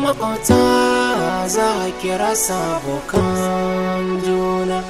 Maƙota za a kira sabokan juna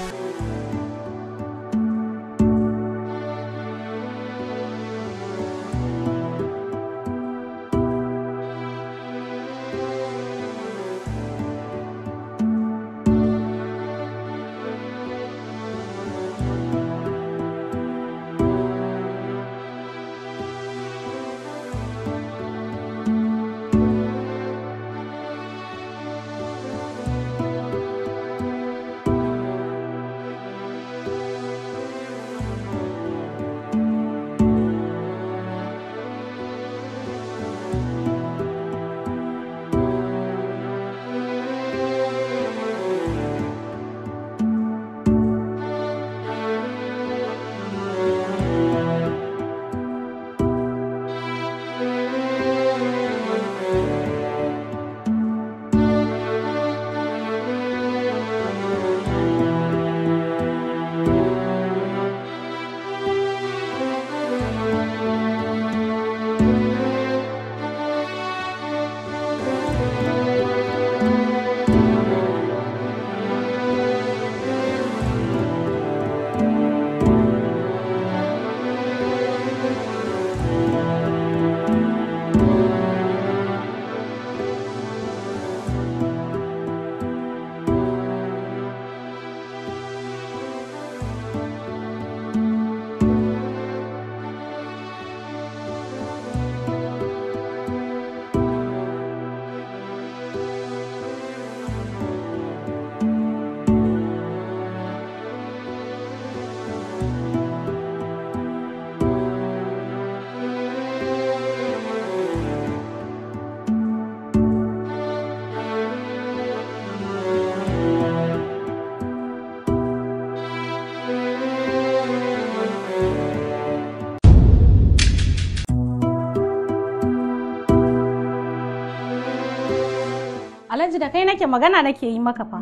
ji da kai nake magana nake yi maka fa.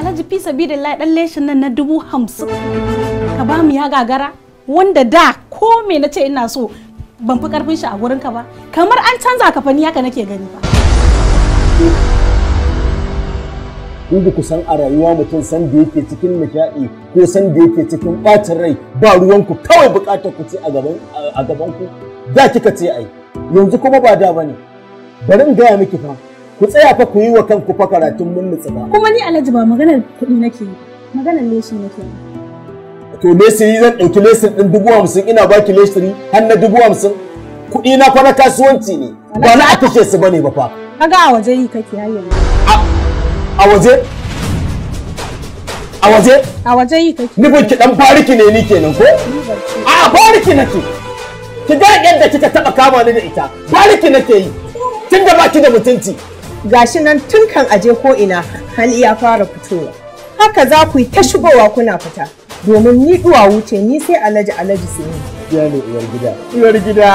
Alhaji fi sabidillahi dan leshin nan na dubu hamsin ka ba mu ya gagara wanda da ko me na ce ina so ban fi karfin shi a gurin ka ba kamar an canza ka fani haka nake gani ba. Kun ku san a rayuwa mutum san da yake cikin nishaɗi ko san da yake cikin ɓacin rai ba ruwanku kawai buƙatar ku ce a gaban ku da kika ce ai. yanzu kuma ba da bane bari in gaya miki fa ku tsaya fa ku yi wa kanku fa karatun mun nutsu ba kuma ni alhaji ba maganar kuɗi nake yi maganar leshin nake yi to lesiri zan ɗauki lesin ɗin dubu hamsin ina baki lesiri har na dubu hamsin kuɗi na fa na kasuwanci ne ba na a kashe su bane ba fa kaga a waje yi kake har yanzu a waje a waje a waje yi kake ban ki dan bariki ne ni kenan ko a bariki nake ki ga yadda kika taba kama ni da ita baliki nake yi tun da baki da mutunci gashi nan tun kan aje ko ina hali ya fara fitowa haka za ku yi ta shigowa kuna fita domin ni duwa wuce ni sai alaji alaji su ne ya ne uwar gida uwar gida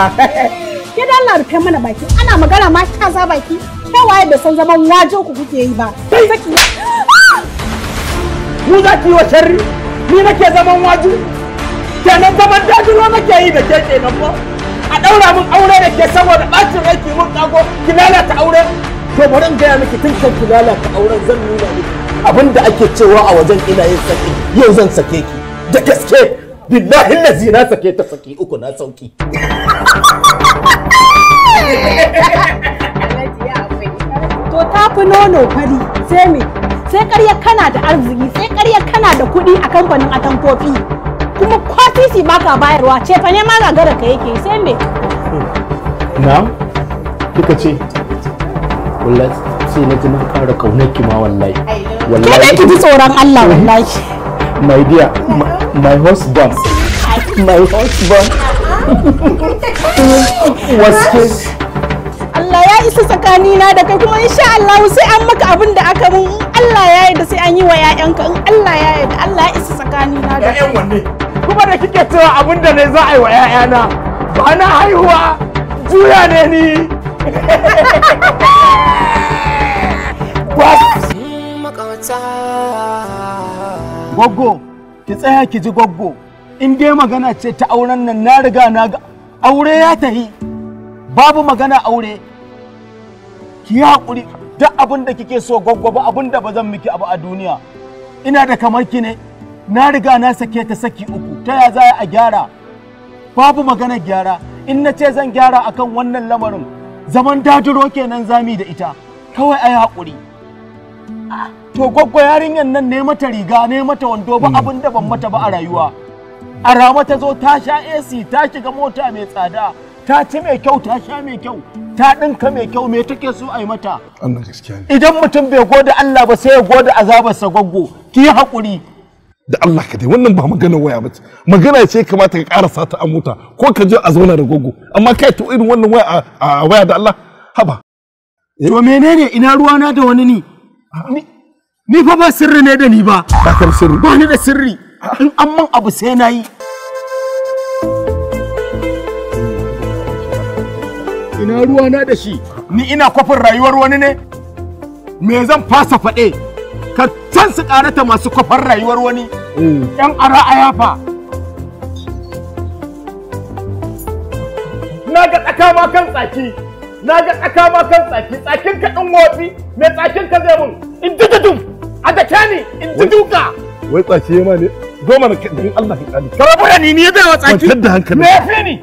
ke da Allah rufe mana baki ana magana ma ta za baki ta waye da san zaman wajen ku kuke yi ba sai ki mu za ki yi wa sharri ni nake zaman waju kenan zaman dajin dajiro ke yi da ke kenan ko a daura mun aure da ke saboda bacin rai ki mun kago ki lalata aure to bari in gaya miki tun kan ki lalata auren zan nuna miki abinda ake cewa a wajen ina yin saki yau zan sake ki da gaske billahi lazi na sake ta saki uku na sauki to ta fi nono fari sai me sai karya kana da arziki sai karya kana da kuɗi a kamfanin atamfofi kuma kwatisi ba ka bayarwa ce fa ne ma gagara ka yake sai me na kika ce wallahi sai na ji na ƙara kaunar ki ma wallahi wallahi kai ji tsoron Allah wallahi my dear my husband my husband was his Allah ya isa tsakanina da kai kuma insha Allah sai an maka abin da aka mun Allah ya yi da sai an yi wa 'ya'yanka in Allah ya yi da Allah ya isa tsakanina da kai kuma da kike cewa abin da ne za a yi wa 'ya'yana ba na haihuwa juya ne ni Goggo, ki tsaya ki ji goggo, in dai magana ce ta auren nan na riga na ga aure ya tahi, babu magana aure, ki yi haƙuri duk abin kike so goggo ba abin da ba zan miki abu a duniya, ina da kamar ki ne. na riga na sake ta saki uku ta ya za a gyara babu maganar gyara in na ce zan gyara akan wannan lamarin zaman dadiro kenan zami da ita kawai ai hakuri. to gwaggwa yarinyar nan ne mata riga ne mata wando ba hmm. abin da ban mata ba a rayuwa a rama ta zo ta sha AC ta shiga mota mai tsada ta ci mai kyau ta sha mai kyau ta ɗinka mai kyau me take so a yi mata idan mutum bai gode Allah ba sai ya gode azabarsa gwaggo ki yi haƙuri da Allah ka dai wannan ba magana waya ba magana ce kamata ka karasa ta amuta mota ko ka je a zauna da gogo amma kai to irin wannan waya a waya da Allah haba to eh, menene ina ruwana da wani ni ni fa ba sirri ne da ni ba ba ka sirri ba ni da sirri in amma abu sai nayi ina ruwana da shi ni ina kwafin rayuwar wani ne me zan fasa faɗe ka can su karata masu kwafar rayuwar wani ƴan ara a yafa na ga tsaka ma kan tsaki na ga tsaka ma kan tsaki tsakin ka ɗin wofi me tsakin ka zai mun in ji dudum a da ke ni in ji duka wai tsaki ma ne goma na kadin Allah ka kani ka rabu da ni ni ya zai wa tsaki da hankali me yafi ni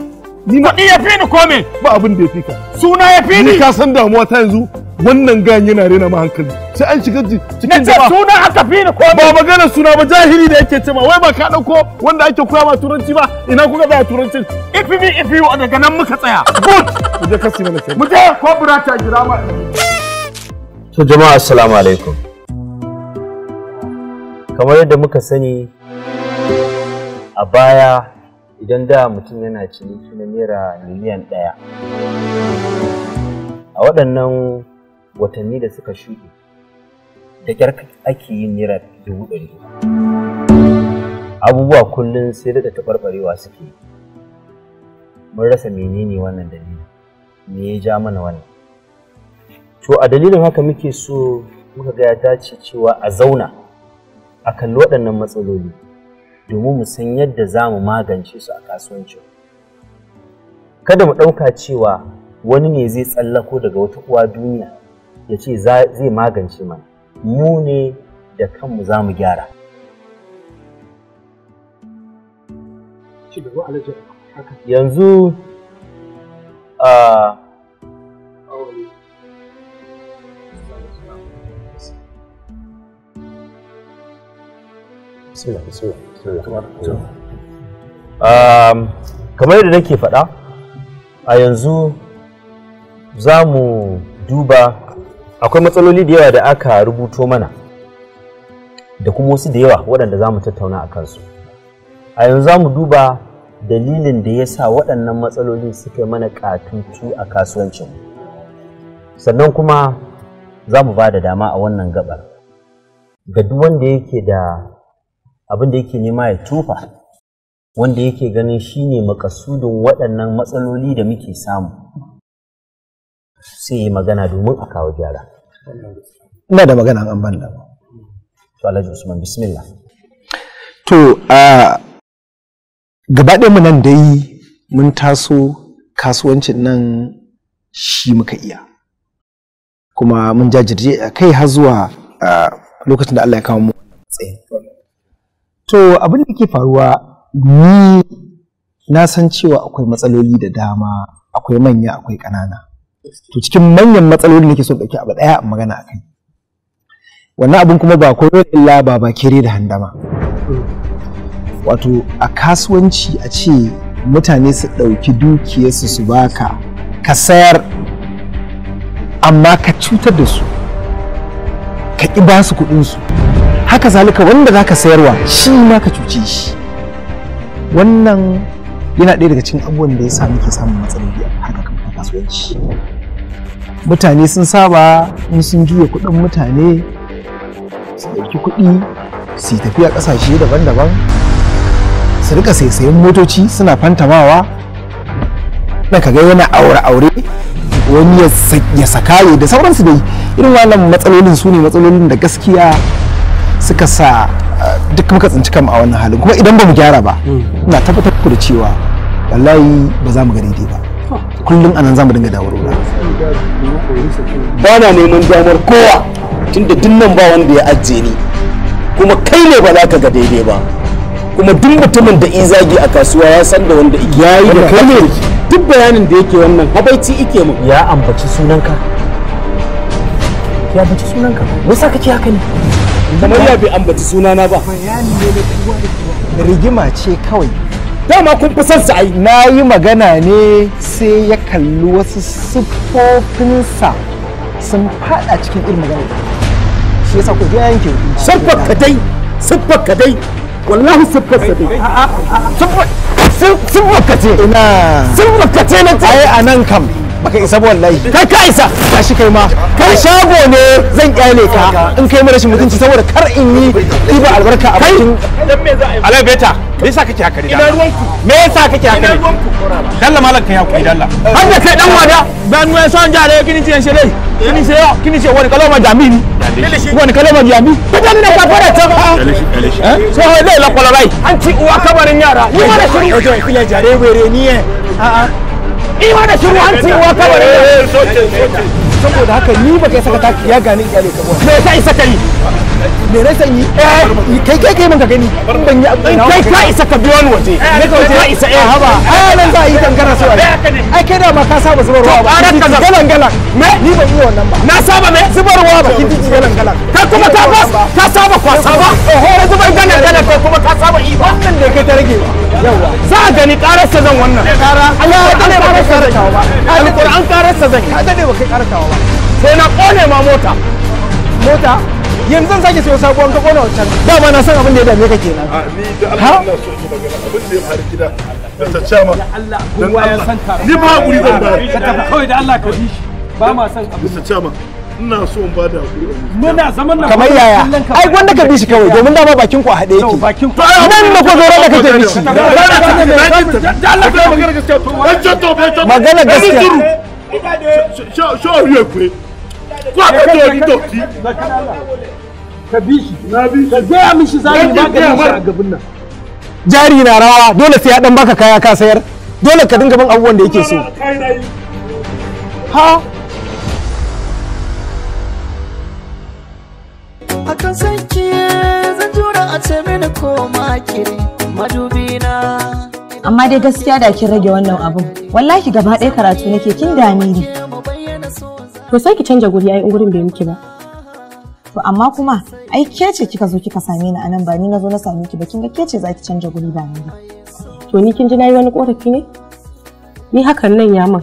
ni ma ya fi ni ko me ba abin da ya fi ka suna ya fi ni ka san damuwa ta yanzu wannan gayan yana rena ma hankali sai an shiga cikin jama'a suna aka fi ni ko ba magana suna ba jahili da yake ce wai ba ka dauko wanda ake koya ma turanci ba ina kuka ba turanci ifi bi ifi wa daga nan muka tsaya good mu je kasi mana sai mu je ko ta jira ma to jama'a assalamu alaikum kamar yadda muka sani a baya idan da mutum yana ciniki na naira miliyan ɗaya a waɗannan watanni da suka shuɗe da kyar ake yin nira dubu ɗari abubuwa kullum sai da taɓarɓarewa suke mun rasa menene wannan dalilin, me ya ja mana wannan to a dalilin haka muke so muka ga ya dace cewa a zauna a kalli waɗannan matsaloli domin mu san yadda za mu magance su a kasuwanci. kada mu ɗauka cewa wani ne zai tsallako daga wata uwa duniya ya ce zai magance mana mu ne da kanmu za mu gyara yanzu a kamar yadda nake faɗa a yanzu za mu duba akwai matsaloli da yawa da aka rubuto mana da kuma wasu da yawa waɗanda za mu tattauna a kansu a yanzu za mu duba dalilin da ya sa waɗannan matsaloli suka mana ƙatutu a kasuwancinmu sannan kuma za mu ba da dama a wannan gabar ga duk wanda yake da abin da yake nema ya tufa wanda yake ganin shine makasudin waɗannan matsaloli da muke samu sai yi magana domin a kawo gyara ina da magana an ban ba. to alhaji usman bismillah to a gabaɗe mu nan dai mun taso kasuwancin nan shi muka iya kuma mun jajirje a kai har zuwa lokacin da Allah ya kawo mu to abin da ke faruwa ni na san cewa akwai matsaloli da dama akwai manya akwai ƙanana to cikin manyan matsalolin ke so dauki abu daya magana a kai, wannan abun kuma ba komai illa ba ba kere da handama wato a kasuwanci a ce mutane su ɗauki dukiyarsu su baka ka sayar amma ka cutar da su ka ki ba su kuɗinsu haka zalika wanda za ka sayarwa shi ma ka cuce shi wannan yana ɗaya daga cikin abubuwan da ya sa muke samun matsaloli a haka kasuwanci mutane sun saba in sun juya kuɗin mutane su ɗauki kuɗi su tafiya ƙasashe daban-daban su rika saisayen motoci suna fantamawa na kaga yana aure-aure wani ya sakaye da sauransu dai irin wannan matsalolin su ne matsalolin da gaskiya suka sa eh, duk muka tsinci kama a wannan halin kuma idan ba mu gyara ba hmm. ina tabbatar ku da cewa wallahi ba za mu ga dai ba kullum anan za mu dinga dawo ba na neman damar kowa tunda duk nan ba wanda ya ajiye ni kuma kai ne ba za ka ga daidai ba kuma duk mutumin da izagi a kasuwa ya san da wanda ya yi da kai ne duk bayanin da yake wannan habaici ike mu ya ambaci sunanka ya ambaci sunanka me yasa kake haka ne kamar ya bi ambaci sunana ba bayani ne na kowa da kowa rigima ce kawai dama kun fi son ai na yi magana ne sai ya kalli wasu siffofinsa sun fada cikin irin magana shi yasa ku ga yanke siffar ka dai siffar ka dai wallahi siffar ka dai siffar ka ina siffar ka ce na tsaye a nan kam baka isa ba wallahi kai ka isa tashi kai ma kai shago ne zan kyale ka in kai mu rashin mutunci saboda kar in yi ba albarka a bakin dan me za a yi me yasa kake haka ina ruwanku me yasa kake haka ina ruwanku dalla malam kai hakuri dalla har da kai dan wada ban mu son jare kini ce shere kini ce kini ce wani kalama jamini wani kalama jami kadan ne ka fara ta so ho dai la kolarai an ci uwa kabarin yara ni ma da shiru ojo kila jare were ni eh ah, a ah. a ni ma da shiru an ci uwa kabarin yara eh, eh, eh, saboda haka ni baka saka taki ya gani iyalai ka ba me yasa isa kai me na sanyi eh. kai kai kai ka gani ban yi abu kai ka isa ka biyo ni waje eh, ne ka waje isa eh haba ai eh, nan za a yi kankara su ai kai da ma ka saba zubar ruwa ba to ka galan galan me ni ban yi wannan ba na saba me zubar ruwa ba kin galan galan kuma ka ba ka saba kwasa ba oho zubar galan galan kuma ka saba yi ba Wannan da kai ta rage ba yawa za a gani kararsa zan wannan kara Allah ya dade ba kai karatawa ba alquran kararsa zan ka dade ba kai karatawa ba sai na kone ma mota mota yanzu zan sake sayo sabuwar ka kona wancan dama na san abin da ya dame ka kenan a ni da Allah ina so ki magana abin da ya faru gida da ta cama da Allah kowa ya san ni ma hakuri zan ba ka tafi kawai da Allah ka bi shi ba ma san abin da ta ina so in bada hakuri muna zaman nan kamar yaya ai wanda ka bi shi kawai domin dama bakin ku a hade yake bakin nan na ko zoro da shi Allah ka magana gaskiya to magana gaskiya sho sho yekwe kwa ka to ni to ki ka bi shi na bi ka gaya mishi zai shi a gaban nan jari na rawa dole sai ya dan baka kaya ka sayar dole ka dinga bin abubuwan da yake so ha akan sanki zan jura a ce mini ko makiri madubi na amma dai gaskiya da kin rage wannan abun wallahi gaba ɗaya karatu nake kin dame ni to sai ki canja guri ai gurin bai miki ba to amma kuma ai ke ce kika zo kika same ni anan ba ni na zo na same ki ba kin ga ke ce zaki canja guri ba ni to ni kin ji nayi wani korafi ne ni hakan nan ya man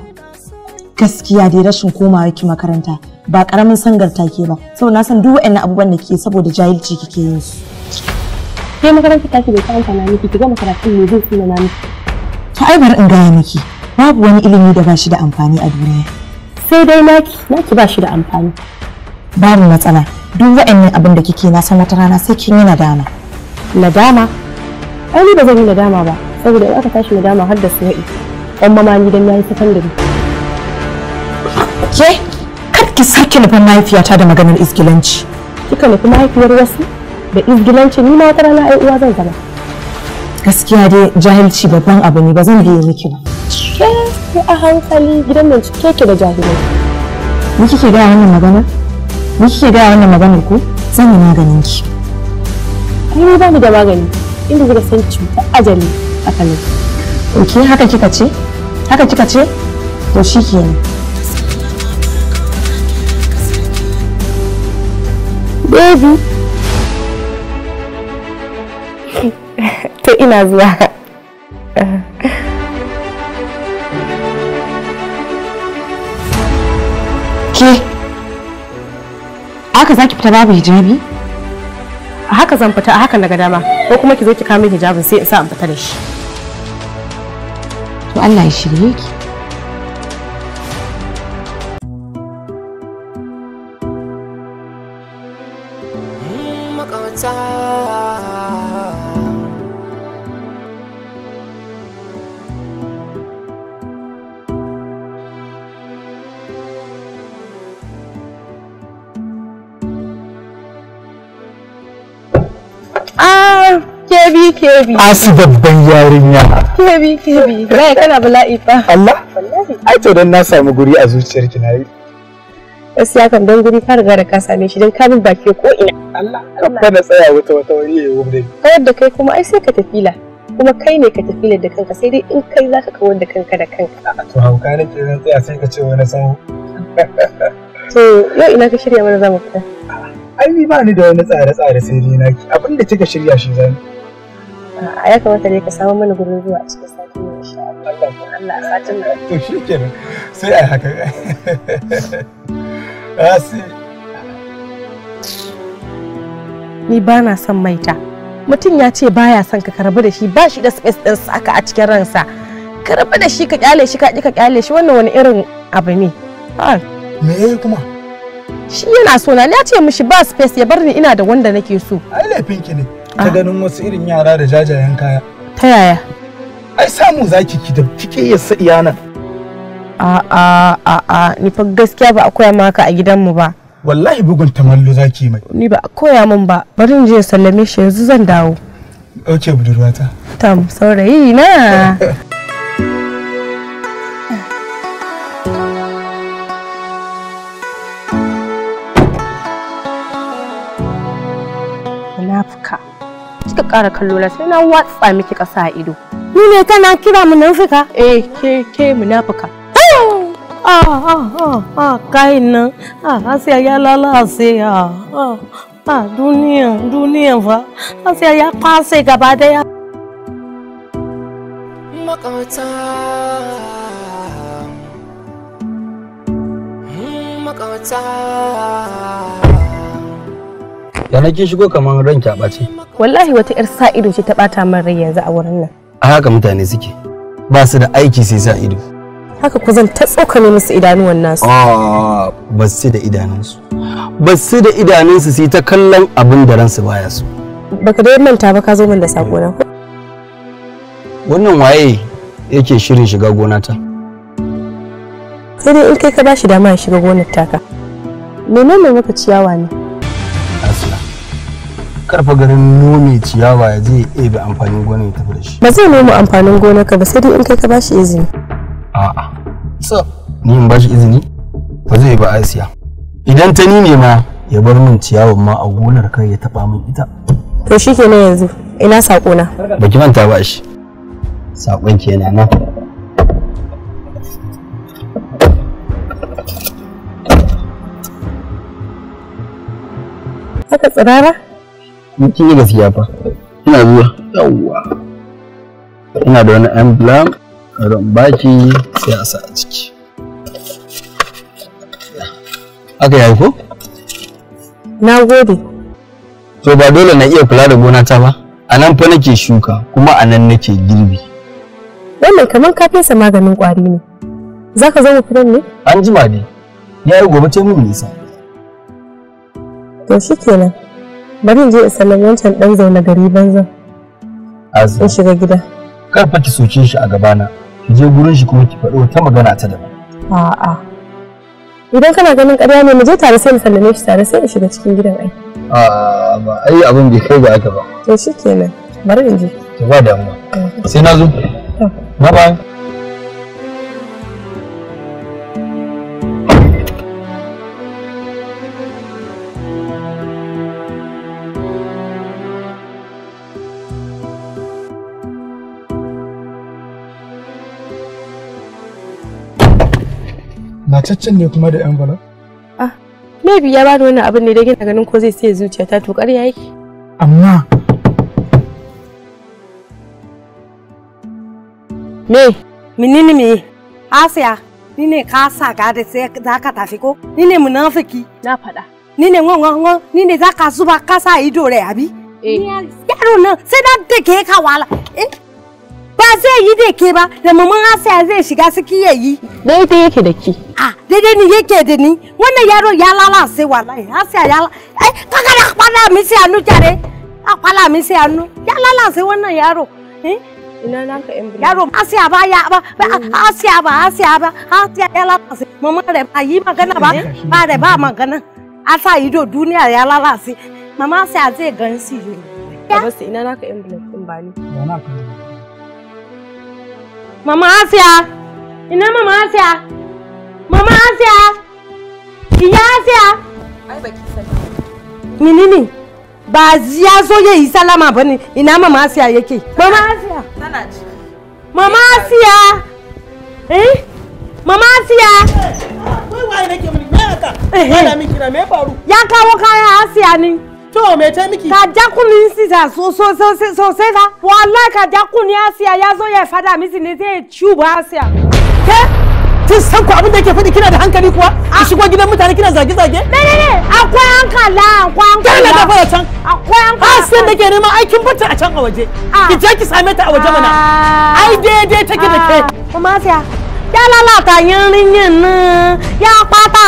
gaskiya dai rashin komawa ki makaranta ba karamin sangarta ke ba sau na san duk waɗannan abubuwan da kike saboda jahilci kike yin su kai makaranta take bai ta amfana miki ki ga makaratun ne zai tsina na miki ta ai bar in gaya miki babu wani ilimi da ba da amfani a duniya sai dai naki naki ba da amfani babu matsala duk wa'annan abin da kike na san wata rana sai kin yi nadama nadama ai ni ba zan yi nadama ba saboda in aka tashi nadama har da suwa'i dan mama ni dan yayi sakandare ke kar ki sake nufin mahaifiyata da maganar isgilanci kika nufi mahaifiyar wasu da isgilanci ni ma wata rana ai uwa zan zama gaskiya dai jahilci babban abu ne ba zan biye miki ba ke a hankali gidan nan cike da jahilai ni kike ga wannan magana Mun shi ga wannan maganar ku zan yi maganin ki. Ai ni ba ni da magani inda kika san cuta ajali a kallon. Oke, haka kika ce? Haka kika ce? To shikenan. Baby. to ina zuwa. haka zaki fita babu hijabi a haka zan fita a haka na ga dama ko kuma ki zo ki kama hijabin sai in sa in fita da shi to Allah ya shirye ki kebi kebi asu babban yarinya kebi kebi bai kana bala'i fa Allah ai to dan na samu guri a zuciyar ki na yi gaskiya kan dan guri ka riga da ka same shi dan ka bin baki ko ina Allah kan na tsaya wata wata wani yi wuri Ka da kai kuma ai sai ka tafila kuma kai ne ka tafi da kanka sai dai in kai zaka ka da kanka da kanka. To hauka nake zan tsaya sai ka ce wani san. To yau ina ka shirya mana zamu fita. Ai ni ba ni da wani tsare-tsare sai dai naki abin da kika shirya shi zan. a ya kamata dai ka samu mana gurin zuwa a cikin sati mai insha Allah a satin nan to shikenan sai a haka asi ah, ni ba na son maita mutum ya ce baya son ka karbi da shi ba shi da space din saka a cikin ransa ka rabu da shi ka kyale shi ka ka kyale shi wannan wani irin abu ne me yayi kuma shi yana so na ya ce mishi ba space ya bar ni ina da wanda nake so ai laifin ki ne ta ah. ganin wasu irin yara da jajayen kaya ta yaya ai samu zaki ki da kike iya sa iyana a a a a ni fa gaskiya ba a koya maka a gidanmu ba wallahi bugun tamallo zaki mai ni ba a koya min ba bari in je sallame shi yanzu zan dawo ok budurwata tam saurayi na ƙara kallo na sai na watsa miki ƙasa a ido. Ni ne kana kira fuka. Eh ke ke munafuka. Ah ah ah ah, ah kain nan ah sai ya lalace ah ah duniya duniya fa Sai ya sai gaba ya. Makata. Hmm, Makata. Ya na kin shigo kamar ranki a ɓace. Wallahi wata 'yar sa ido ce ta ɓata min rai yanzu a wurin nan. A haka mutane suke. Ba su da aiki sai sa ido. Haka ku zan ta tsokane musu idanuwan nasu. Ah, ba su da idanunsu. Ba su da idanunsu sai ta kallon abin da ransu baya su. Baka da manta ba ka zo min da sako na. Wannan waye yake shirin shiga gonata? Sai dai in kai ka bashi dama ya shiga gonar taka. Menene maka ciyawa ne? karfa garin nome ciyawa ya je ya ebe amfanin gona ya tafi da shi ba zai noma amfanin gona ka ba sai dai in kai ka ba shi izini a'a so ni in ba shi izini ba zai ba asiya idan ta ni ne ma ya bar min ciyawan ma a gonar kai ya taba min ita to shi ke nan yanzu ina sako na ki manta ba shi sakon ki yana nan haka tsirara mutum ne gaskiya fa ina zuwa yawwa ina da wani emblem don baki sai a sa a ciki aka yi ko? na gode to ba dole na iya kula da gona ta ba a nan fa nake shuka kuma a nan nake girbi wannan kamar ka fesa maganin kwari ne za ka zama fidan ne? an jima ne ya yi gobe ce mun nisa to shi kenan bari in je in sallan wancan dan zaune gari azu in shiga gida kar fa ki soke shi a gabana ki je gurin shi kuma ki faɗo ta magana ta daban a'a idan kana ganin ƙarya ne mu je tare sai mu sallame shi tare sai in shiga cikin gidan ai a'a ba ai abin bai kai ga haka ba to shikenan bari in je ki ba damuwa eh. sai na zo bye bye Nataccen ne kuma da envelope? Ah, maybe ya bani wannan abin ne da gina ganin ko zai zuciya ta to ƙarya yake. Amma Me? Menene me? Asiya, ni ne ka saka ka da sai za ka tafi ko? Ni ne munafiki. Na faɗa. Ni ne ngon ngon ni ne za ka zuba ka sa ido rai abi? Eh. Yaro nan sai da take ka wala. ba zai yi da ke ba da mamman Asiya zai shiga suki ya yi. Daidai yake da ke A daidai ni yake da ni wannan yaro ya lalace wallahi Asiya ya ai kaga da kwala mi sai hannu jare a kwala mi sai hannu ya lalace wannan yaro. Eh? Ina naka ka bulu. Yaro Asiya ba ya ba Asiya ba Asiya ba Asiya ya lalace mamman da ba yi magana ba ba da ba magana. Asa ido duniya ya lalace mama Asiya zai gan si yau. Ba ina naka ka bulu ba bani. Ba ka Mama Asia! Ina Mama Asia! Mama Asia! Iya Asia! Ai baki Ni Menene? Ba ya zo ya yi salama bane. Ina Mama Asia yake? Mama Asia! Tana ji. Mama Asia! Eh? Mama Asiya! Wai wai nake mun me haka? Ana mi kira me faru? Ya kawo kaya Asia ne. To me ta miki? Ka ja so so so fa. Wallahi ka ja kunin Asiya ya zo ya fada misi ne zai cuba Asiya. Ke? Kin san ku abin da yake fadi kina da hankali kuwa? Ki shigo gidan mutane kina zage-zage? Ne ne ne, akwai hankala, akwai hankala. Dole da fara can. Akwai hankala. Asiyan da ke neman aikin bata a can a waje. Ah. Ki je ki same ta a waje mana. Ah. Ai daidai take da ke. Ah. Kuma Asiya, ya lalata yin rinyin nan, ya ɓata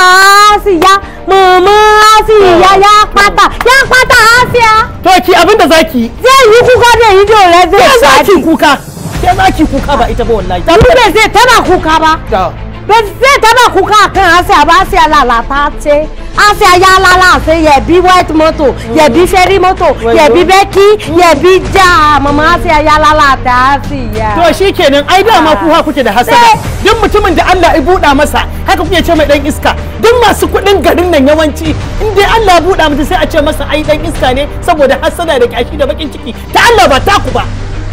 Asiya. mama asiya ya oh. kwata ya kwata asiya to ki abinda zaki zai yi kuka zai yi dole zai ki kuka ke zaki kuka ba ita ba wallahi dan zai tana kuka ba zai tana kuka kan a sai ba sai alala ta ce a ya alala ya bi white moto ya bi ferry moto ya bi beki ya bi ja mama ya alala ta siya to shikenan ai da ma ah. kuka kuke da hasada eh. duk mutumin da Allah ya buɗa masa haka kuke ce mai dan iska duk masu kuɗin garin nan yawanci in dai Allah ya buɗa mutum sai a ce masa ai dan iska ne saboda hasada da kyashi da bakin ciki ta Allah ba taku ba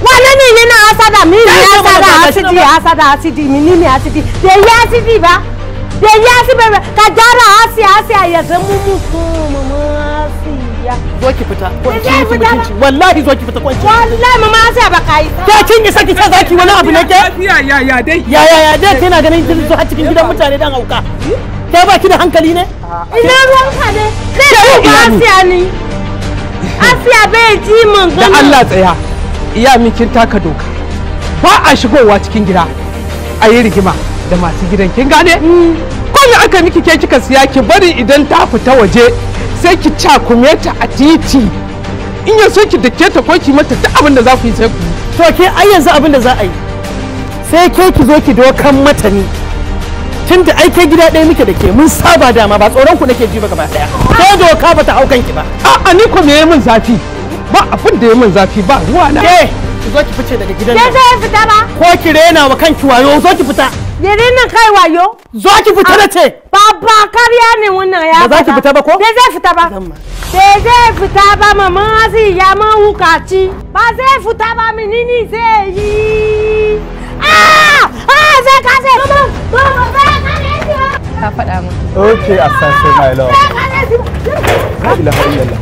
wane ne ne na asada mi ne asada asidi asada asidi mi ni asidi de yi asidi ba de yi asidi ba ka jara asi asi a ya zan mumu mama asiya zo ki fita kwanci mutunci wallahi zo ki fita kwanci wallahi mama asiya ba kai ke kin isa ki ce zaki wani abu ne ke ya ya ya dai ya ya ya dai kina ganin kin zo a cikin gidan mutane dan hauka ke ba ki da hankali ne ina ruwan ka ne kai ba asiya ne asiya bai ji mun gani da Allah tsaya iya kin taka doka ba a shigowa cikin gida a yi rigima da masu gidan kin gane ko me aka miki ke kika siya ki bari idan ta fita waje sai ki cakume ta a titi in ya so ki dake ta ko ki mata duk abin da za ku yi sai ku to ke ai yanzu abin da za a yi sai ke ki zo ki dokan mata ni da ai ke gida ɗaya muke da ke mun saba dama ba tsoron ku nake ji ba gaba daya ko doka bata haukan ki ba a'a ni ko me min zafi ba abin da ya min zafi ba ruwa na ke zo ki fice daga gidan nan ke zo fita ba ko ki rena wa kanki wayo zo ki fita ya rena kai wayo zo ki fita da ah, ce baba kariya ne wannan ya ba za ki fita ba ko bai zai fita ba bai zai fita ba mama azi ya ma hukaci ba zai fita ba menene zai yi ah ah zai kace mama mama zai kace ka faɗa mu. okay assassin my love la ilaha illallah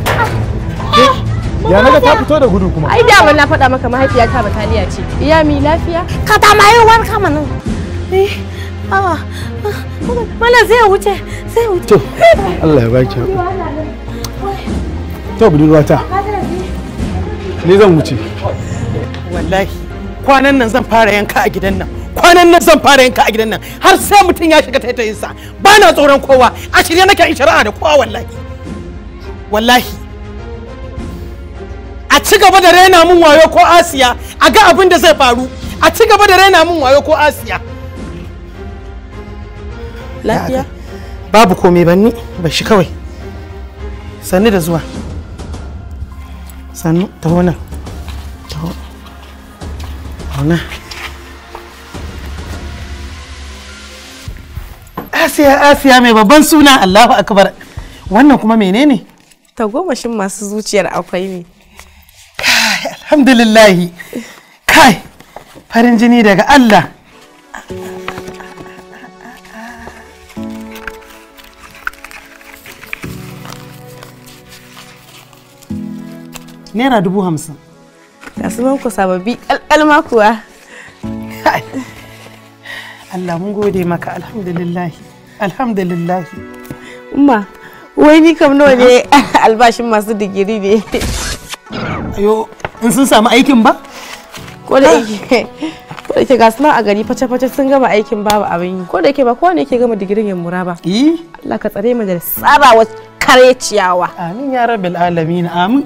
ah! ya naga ta fito da gudu kuma ai da na faɗa maka mahaifiya ta taliya ce iya mi lafiya ka ta mai warka mana eh a mana zai wuce zai wuce to Allah ya baki to budurwata ni zan wuce wallahi kwanan nan zan fara yanka a gidan nan kwanan nan zan fara yanka a gidan nan har sai mutum ya shiga taitayinsa ba na tsoron kowa a shirye nake in shari'a da kowa wallahi wallahi a ci gaba da raina mun wayo ko asiya a ga abin da zai faru a ci gaba da raina mun wayo ko asiya lafiya babu komai banni ba shi kawai sannu da zuwa sannu ta nan ta nan asiya asiya mai babban suna allahu akbar wannan kuma menene ta goma shin masu zuciyar akwai ne alhamdulillahi kai farin jini daga Allah Naira dubu hamsin. Ga sunan ku sababi ƙalƙalma kuwa. Allah mun gode maka alhamdulillahi alhamdulillahi. Umma, wai ni kam nawa ne albashin masu digiri ne. Ayo, in sun samu aikin ba ko da ah. yake ko da yake a gari face face sun gama aikin babu abin yi ko da yake ba ne yake gama digirin yan mura ba eh Allah ka tsare mu da tsarawa kare ciyawa amin ya rabbil alamin amin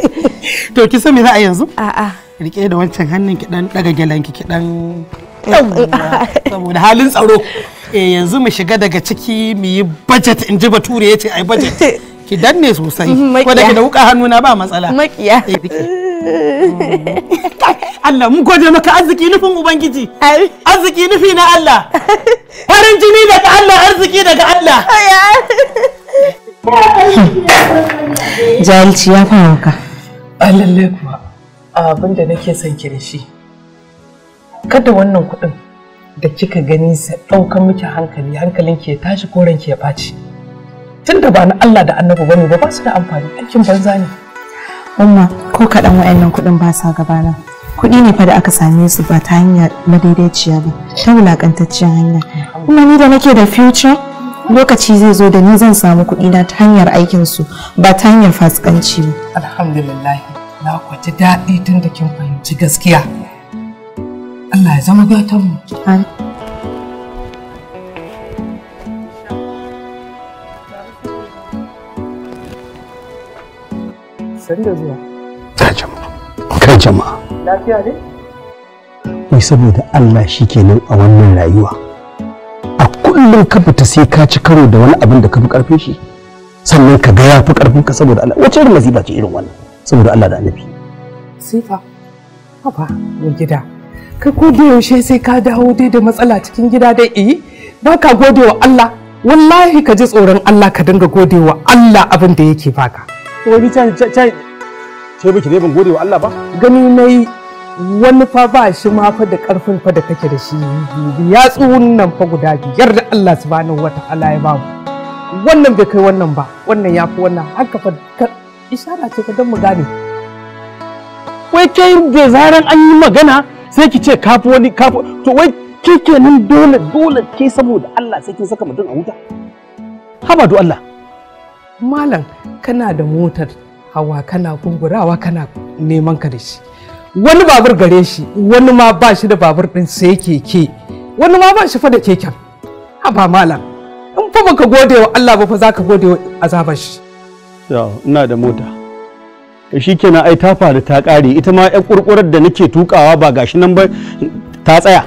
to ki san me za a yanzu a'a rike da wancan hannun ki dan daga gelan ki dan saboda halin tsaro eh yanzu mu shiga daga ciki mu yi budget in ji bature yace ai budget ki danne sosai ko da ki da wuka hannu na ba matsala makiya eh, Allah mun gode maka arziki nufin Ubangiji. Arziki nufi na Allah. Farin jini daga Allah arziki daga Allah. Jalci ya fara ka. kuwa abin da nake son ki da shi. Kada wannan kuɗin da kika gani sa ɗaukan miki hankali hankalinki ya tashi ko ranki ya ɓaci. Tunda ba na Allah da annabi bane ba ba su da amfani aikin banza ne. umma ko kaɗan wa'annan kuɗin ba sa gabana kuɗi ne fa da aka same su ba ta hanya madaidaiciya ba ta wulaƙantacciyar hanya kuma ni da nake da future lokaci zai zo da ni zan samu kuɗi na ta hanyar aikin su ba ta hanyar fasikanci ba alhamdulillah na kwaji daɗi tun da kin fahimci gaskiya Allah ya zama gatan mu san da zuwa ta jama'a kai jama'a lafiya ne wai saboda Allah shi kenan a wannan rayuwa a kullum ka fita sai ka ci karo da wani abin da ka fi karfin shi sannan ka ga ya fi karfin ka saboda Allah wace irin masifa ce irin wannan saboda Allah da annabi sifa haba mai gida kai ko da yaushe sai ka dawo dai da matsala cikin gida dai eh ba ka gode wa Allah wallahi ka ji tsoron Allah ka dinga gode wa Allah abin da yake baka wani can can ce biki ne ban gode wa Allah ba gani nayi wani fa ba shi ma fa da karfin fa da kake da shi ya tsuhun nan fa guda biyar da Allah subhanahu wata'ala ya ba mu wannan bai kai wannan ba wannan ya fi wannan haka fa isara ce ka don mu gane wai kai da zaran an yi magana sai ki ce kafi wani kafi to wai ke kenan dole dole ke saboda Allah sai kin saka mutum a wuta haba do Allah malam kana da motar hawa kana gungurawa kana neman ka da shi wani babur gare shi wani ma ba shi da babur din sai keke wani ma ba shi fa da keken haba malam in fa baka gode wa Allah ba fa zaka gode wa azabar shi ya ina da mota shi kenan ai ta faru ta kare ita ma yan kurkurar da nake tukawa ba gashi nan ba ta tsaya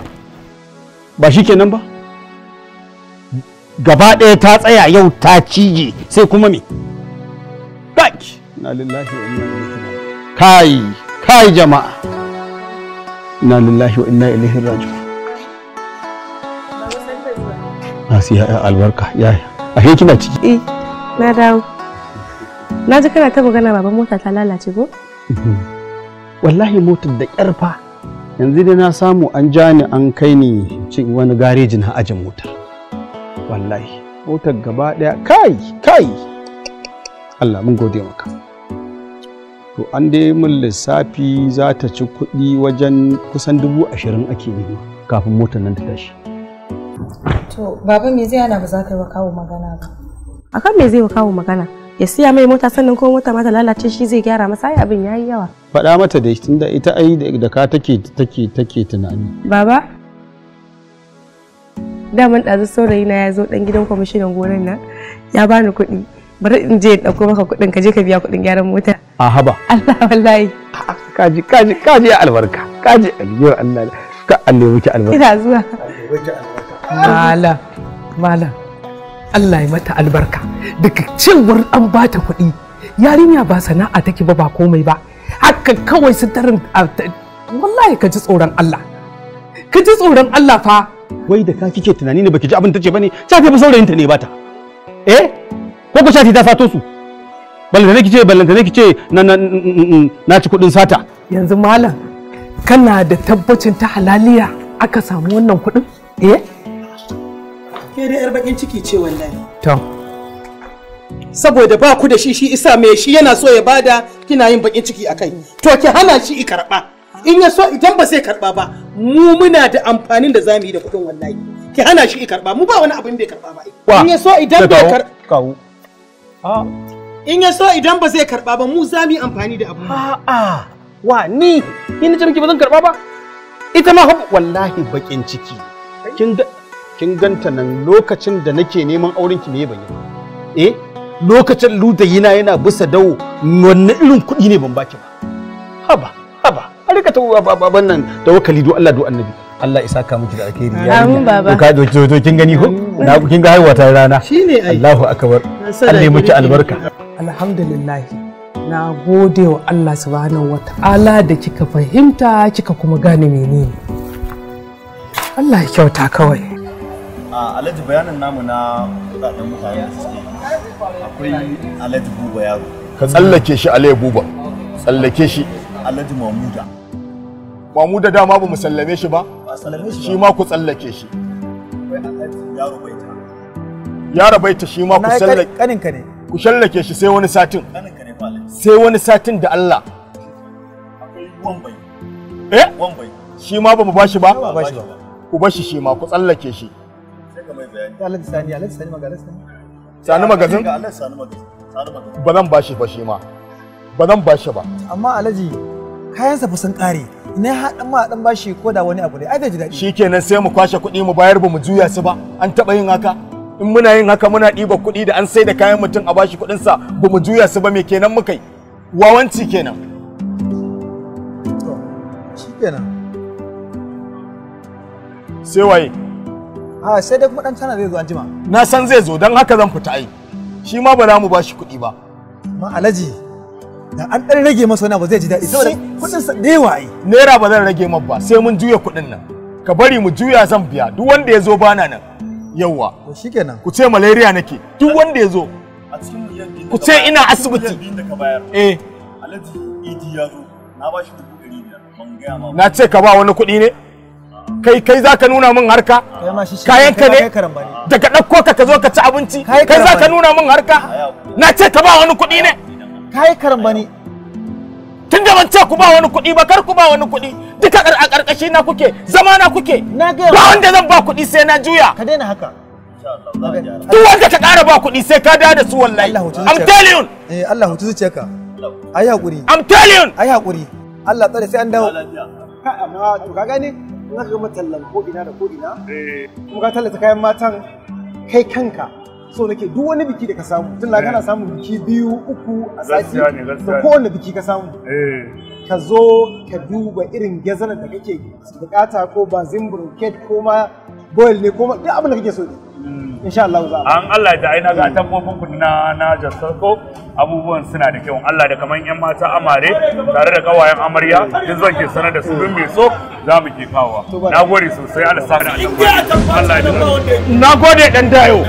ba shi kenan ba gaba ɗaya ta tsaya yau ta cije sai kuma me baki na lillahi wa inna ilaihi kai kai jama'a na lillahi wa inna ilaihi raji'un nasu ya albarka ya ashe kina ciki eh na dawo na ji kana ta magana baban mota ta lalace ko mhm. wallahi motar da ƙyarfa yanzu dai na samu an ja ni an kai ni cin wani garejin na ajin motar wallahi motar gaba daya kai kai Allah mun gode maka to an dai mun lissafi za ta ci kuɗi wajen kusan dubu ashirin ake nema kafin motar nan ta tashi to baba me zai ana ba za ka yi wa kawo magana ba akan me zai wa kawo magana ya siya mai mota sannan ko mota mata lalace shi zai gyara masa ai abin yayi yawa faɗa mata dai tunda ita ai da ka take take take tunani baba daman ɗazu saurayi na ya zo ɗan gidan kwamishinan gonan nan ya bani kuɗi bari in je in ɗauko maka kuɗin ka je ka biya kuɗin gyaran mota. a haba. Allah wallahi. kaji kaji kaji ya albarka kaji aliyar Allah ka Allah ya albarka. ina zuwa. Mala, Mala. Allah ya mata albarka daga cewar an bata kuɗi yarinya ba sana'a take ba ba komai ba haka kawai su tarin wallahi ka ji tsoron Allah ka ji tsoron Allah fa wai da ka kike tunani ne baki ji abin da tace bane ta fi saurayin ta ne bata eh ko ko shafi ta sato su ballanta ne kice ballanta ne kice na na na ci kudin sata yanzu malam kana da tabbacin ta halaliya aka samu wannan kudin eh ke da yar bakin ciki ce wallahi to saboda ba ku da shi shi isa mai shi yana so ya bada kina yin bakin ciki akai to ki hana shi i karba in ya so idan ba sai karba ba mu muna da amfanin da za mu yi da kudin wallahi ki hana shi karɓa mu ba wani abin bai karɓa ba in ya so idan bai karɓa in ya so idan ba zai karɓa ba mu za mu yi amfani da abu a'a wa ni in ce miki ba zan karɓa ba ita ma wallahi bakin ciki kin ga kin ganta nan lokacin da nake neman auren ki me bayyana eh lokacin ludayina yana bisa dawo wannan irin kuɗi ne ban baki ba haba haba a rika ta baban nan wakali do Allah do annabi Allah isa ka miki da alheri ya amin baba ka do to kin gani ko na kin ga haihuwa ta rana shine ai Allahu akbar Allah ya miki albarka alhamdulillah na gode wa Allah subhanahu wata'ala da kika fahimta kika kuma gane menene Allah ya kyauta kawai a alhaji bayanin namu na kudaden mutane akwai alhaji buba yaro ka tsallake shi alhaji buba tsallake shi alhaji mamuda ba mu da dama ba mu sallame shi ba shi ma ku tsallake shi yaro rabaita shi ma ku sallake ku shallake shi sai wani satin sai wani satin da Allah eh shi ma ba mu bashi ba ku bashi shi ma ku tsallake shi sani magazin ba zan bashi ba shi ma ba zan bashi ba amma alaji kayansa fusan sun kare ne haɗin ma ɗan bashi ko da wani abu ne ai da ji daɗi shikenan sai mu kwashe kuɗi mu bayar ba mu juya su ba an taɓa yin haka in muna yin haka muna ɗiba kuɗi da an sai da kayan mutum a bashi kuɗin sa ba mu juya su ba me kenan muka yi wawanci kenan shikenan sai waye a ah, sai dai kuma ɗan tana zai zo an jima na san zai zo don haka zan fita ai shi ma ba za mu bashi kuɗi ba ma alaji da an ɗan rage masa wani ba zai ji daɗi saboda kuɗin sa da yawa naira ba zan rage maka ba sai mun juya kuɗin nan ka bari mu juya zan biya duk wanda ya zo bana nan yawa to shikenan ku ce malaria nake duk wanda ya zo ku ce ina asibiti eh alhaji idi ya zo na ba shi dubu ɗari biyar ban gaya ma na ce ka ba wani kuɗi ne kai kai za ka nuna min harka kayan ka ne daga ɗauko ka ka zo ka ci abinci kai za ka nuna min harka na ce ka ba wani kuɗi ne kai karambani tun da ban ce ku ba wani kuɗi ba kar ku ba wani kuɗi duka a ƙarƙashi na kuke zama na kuke ba wanda zan ba kuɗi sai na juya ka daina haka duk wanda ka ƙara ba kuɗi sai ka dawo da su wallahi I'm telling you eh Allah hutu ka. ai hakuri I'm telling you ai hakuri Allah tsare sai an dawo ka gani na ga matallan gama tallan ko ina da ko ina eh. kuma ka tallata kayan matan kai kanka so nake duk wani biki da ka samu tun eh. kana samun biki biyu uku a sati da kowane biki ka samu eh. ka zo ka duba irin gazanar da kake bukata ko zimbro broket ko ma boil ne ko duk abin da kake so hmm. insha Allah za an Allah da aina ga hmm. tambobin ku na na ko abubuwan suna da kyau Allah da kaman yan mata amare tare da kawayen amarya duk zan ke sanar da su dun mai so za mu ke kawo nagode sosai Allah sa Allah ya nagode dan dayo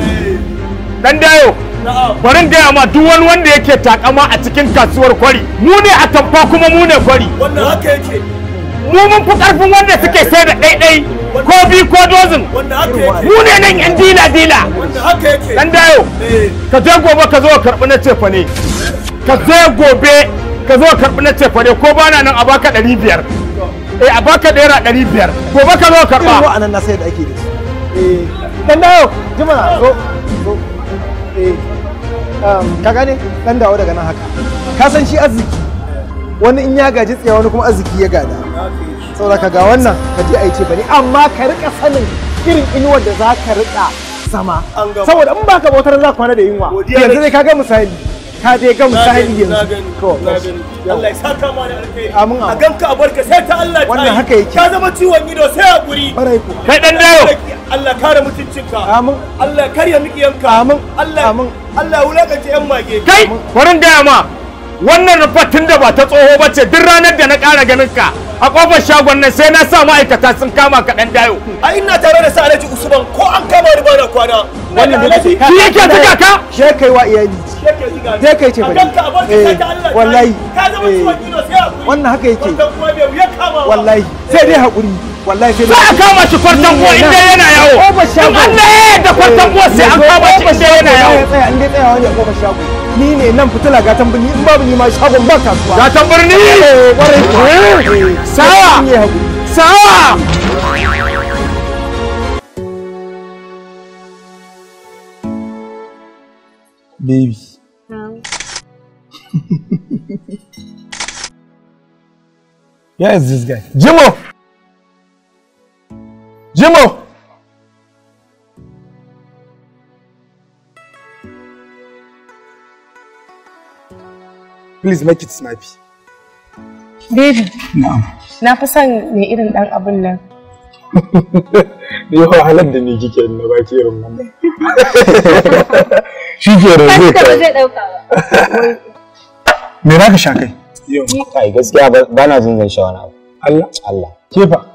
Dan dayo. bari in gaya ma duk wani wanda yake takama a cikin kasuwar kwari. Mu ne a tamfa kuma mu ne kwari. Wannan haka yake. Mu mun fi karfin wanda suke sai da ɗaiɗai ko bi ko dozin. Mu ne nan yan dila dila. Dan dayo. Eh. Ka je gobe ka zo ka karɓi na cefa ne. Ka je gobe ka zo ka karɓi na cefa ne ko bana nan a baka ɗari biyar. Eh a baka naira ɗari biyar. Gobe ka zo ka karɓa. Ko anan na sai da ake da shi. Eh. Dan dayo. Jima zo. Um, ka gane dan dawo daga nan haka ka san shi arziki wani in ya gaji tsaya wani kuma arziki ya gada saboda ka ga wannan ka ji a ce bane amma ka rika sanin irin inuwar da za ka rika sama saboda in baka bautar za ka kwana da inuwa yanzu dai ka ga misali ka dai ga misali yanzu to Allah ya saka ma ni alkhairi amin a ganka a barka sai ta Allah ta wannan haka yake ka zama ciwon ido sai a guri kai dan dayo Allah kare mutuncinka amin Allah kare mikiyanka amin Allah amin Allah ya wulakanta yan mage kai warin gaya ma wannan rufatin da ba ta tsoho ba ce duk ranar da na ƙara ganin ka a kofar shagon nan sai na sa ma'aikata sun kama ka dan dayo a ina tare da sa alhaji usman ko an kama ni bana kwana wannan lokaci shi yake tuka ka shi kai wa iyali she kai ce Allah eh, wallahi eh, wannan haka yake wallahi sai dai haƙuri wallahi sai a kama shi kwartan ko inda yana yawo in Allah ya eh, kwartan sai an kama shi inda yana yawo nan fitila ga sawa sawa is this guy jimo Jimo! Please make it snappy. David. Na'am. Na fa san me irin dan abun nan. Ni ho halar da ni kike ba ki irin wannan. Shi ke rubuta. da zai ba. Me ra ka sha kai? Yau. Kai gaskiya ba na jin zan sha wani abu. Allah. Allah. Ke fa?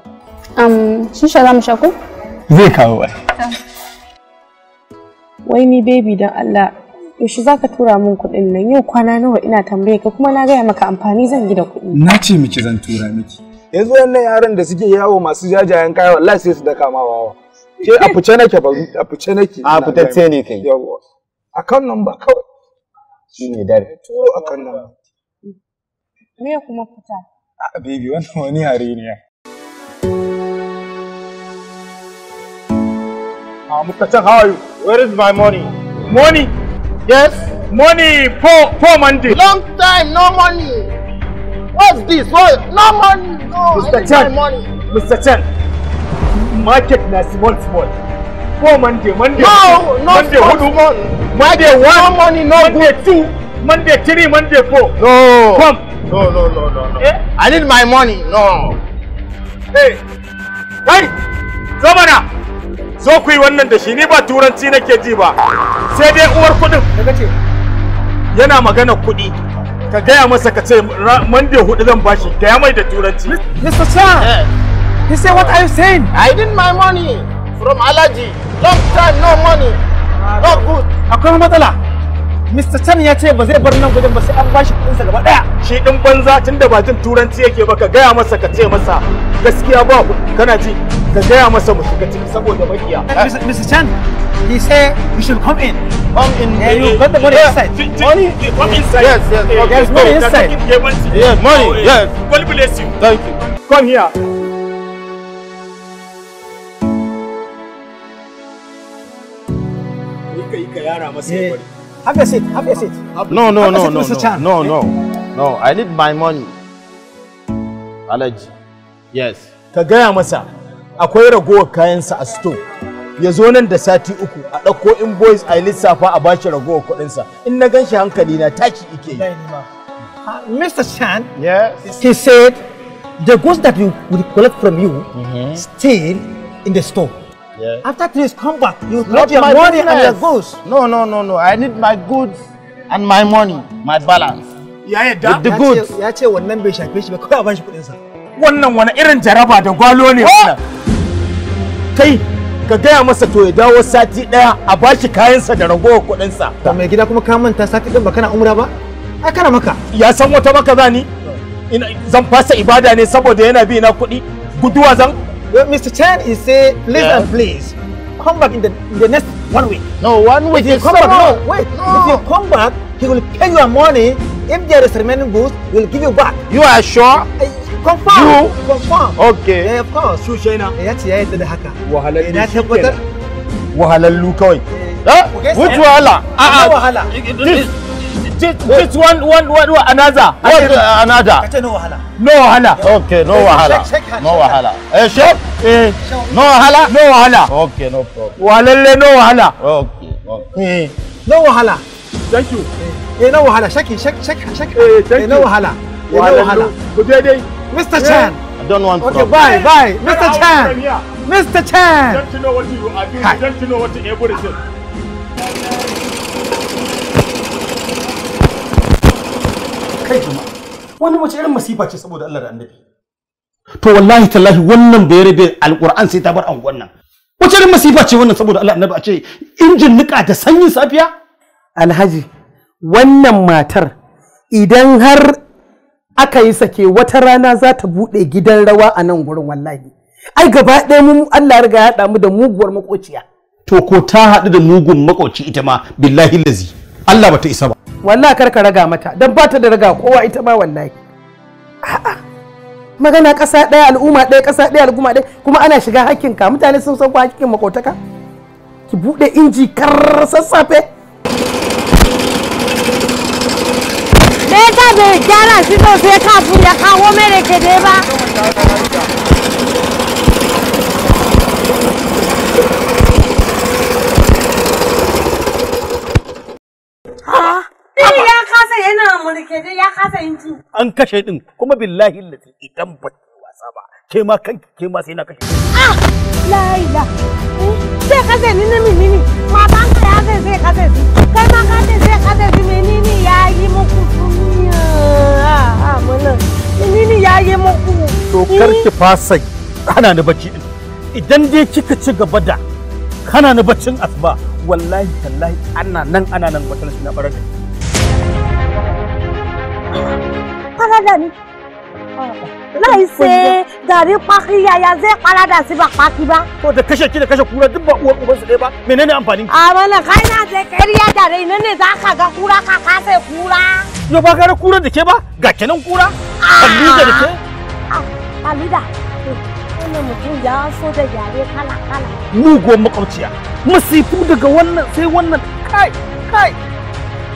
Um, shisha za mu sha ko? Zai kawo ai. Wai ni baby don Allah yaushe za ka tura min kuɗin nan yau kwana nawa ina tambaye ka kuma na gaya maka amfani zan gida kuɗi. Na ce miki zan tura miki. Yanzu wannan yaran da suke yawo masu jajayen kaya wallahi sai su daka ma wawa. Ke a fice nake ba a fice nake. A fitacce ne kai. Yawwa. Akan nan ba kawai. Shi dare. Turo akan nan. Me kuma fita? A ah, baby wannan wani yare ne ya. Uh, ah, Mukachan, how are you? Where is my money? Money? Yes? Money! Poor, poor Monday! Long time, no money! What's this? What? No money! No, Mr. I need Chen. my money! Mr. Chen, market na small small. Poor Monday, Monday. No, no Monday, small, who, small. Monday one, no money, no Monday good. two, Monday three, Monday four. No. Come. No, no, no, no, no. Eh? I need my money. No. Hey. Hey! Governor! zo ku yi wannan da shi ni ba turanci nake ji ba sai dai uwar kuɗin yana magana kuɗi ka gaya masa ka ce mande hudu zan bashi gaya mai da turanci mr chan yeah. he said what are you saying i need my money from allergy long time no money no good akwai matsala Mr. Chan ya ce ba zai bar nan gudun ba sai an bashi kuɗinsa gaba ɗaya. Shi ɗin banza tun da ba jin turanci yake ba ka gaya masa ka ce masa gaskiya ba kana ji ka gaya masa mu shiga ciki saboda makiya. Eh, Mr. Chan, he say we should come in. Come in. Yeah, you eh, got the money inside. Money? Come inside. Yes, yes. Eh, okay. There's money oh, inside. Yes, money. Oh, yes. God bless you. Thank you. Come here. Have a seat. Have a seat. No, no, no, no, no, no, no. I need my money. Allergy. Yes. Kagaya masa. akwai ragowar kayansa a sto ya zo nan da sati uku a ɗauko in boys a lissafa a bashi ragowar kuɗinsa in na ganshi hankali na tashi ike Mr. Chan, yes. he said the goods that we will collect from you mm -hmm. stay in the store. Yeah. After three come back. You collect your money business. and your goods. No, no, no, no. I need my goods and my money, my balance. Ya yadda? the goods. Ya ce wannan bai shafe shi ba kawai a bashi kuɗinsa. wannan wani irin jaraba da gwalo ne wannan oh! kai ka gaya masa to ya dawo sati daya a bashi kayansa da ragowar kudinsa. to mai gida kuma ka manta sati din ba kana umra ba ai kana maka ya san wata maka zani ina zan fasa ibada ne saboda yana bi na kuɗi guduwa zan Mr. Chen is say please and please come back in the, in the next one week. No, one week. If you come back, no, wait. No. If you come back, he will pay you money If there is remaining goods, we'll give you back. You are sure? I confirm. You? Confirm. Okay. Yeah, of course. Su shaina. yeah, yeah, yeah, yadda da haka. yeah, Ya tabbatar. Wahalallu yeah, Eh? Which wahala? A'a. Wahala. Just one, one, one, one, another. What uh, another? Kace no wahala. No wahala. Okay, no wahala. No wahala. Eh, chef? Eh. No wahala? No wahala. Okay, no problem. Wahalalle no wahala. Okay. okay. No wahala. Thank you. Eh. ya eh, na wahala shaki shaki shaki shaki ya eh, eh, wahala wahala ku Mr. Chan I don't want okay, bye, bye. Mr. Chan. Mr. Chan. Don't you know what you are doing? Don't you know what everybody kai kuma wani wace irin masifa ce saboda Allah da annabi to wallahi tallahi wannan bai alquran sai ta bar anguwan nan wace irin masifa ce wannan saboda Allah annabi a ce injin nika da sanyin safiya alhaji wannan matar idan har aka yi sake wata rana za ta buɗe gidan rawa a nan gurin wallahi ai gaba ɗaya mu Allah riga ya damu mu da muguwar makociya to ko ta haɗu da mugun makoci ita ma billahi lazi Allah bata isa ba wallahi kar ka raga mata dan ba ta da raga kowa ita ma wallahi a'a magana ƙasa ɗaya al'umma ɗaya ƙasa ɗaya al'umma ɗaya kuma ana shiga hakkinka mutane sun san ko hakkin makotaka ki buɗe inji kar sassafe me yasa bai gyara shi sosai kafin ya kawo mai rake ba An kashe din kuma billahi lati idan ba wasa ba ke ma kanki ke ma sai na kashe. Ah! Laila! Sai kashe ni na menene? Matanka ya zai sai ka shi. Kai ma kashe sai kashe shi menene ya yi muku Menene ya yi muku? To karki fasa hana ni bacci din. Idan dai kika ci gaba da hana ni baccin asuba wallahi tallahi ana nan ana nan wata na barar da. ni ne. sai gari kwakiya ya zai kwalada su ba kwaki ba. Ko da kashe ki da kashe kura duk ba uwar ubansu ɗaya ba menene amfanin ki? A mana kai na sai ƙarya da rai nan ne za ka ga kura ka kasa kura. Yo ba gara kura da ke ba ga kenan kura. Kalida da ke. Kalida. Wannan mutum ya so da yare kala kala. Muguwar makwabciya. Masifu daga wannan sai wannan kai kai.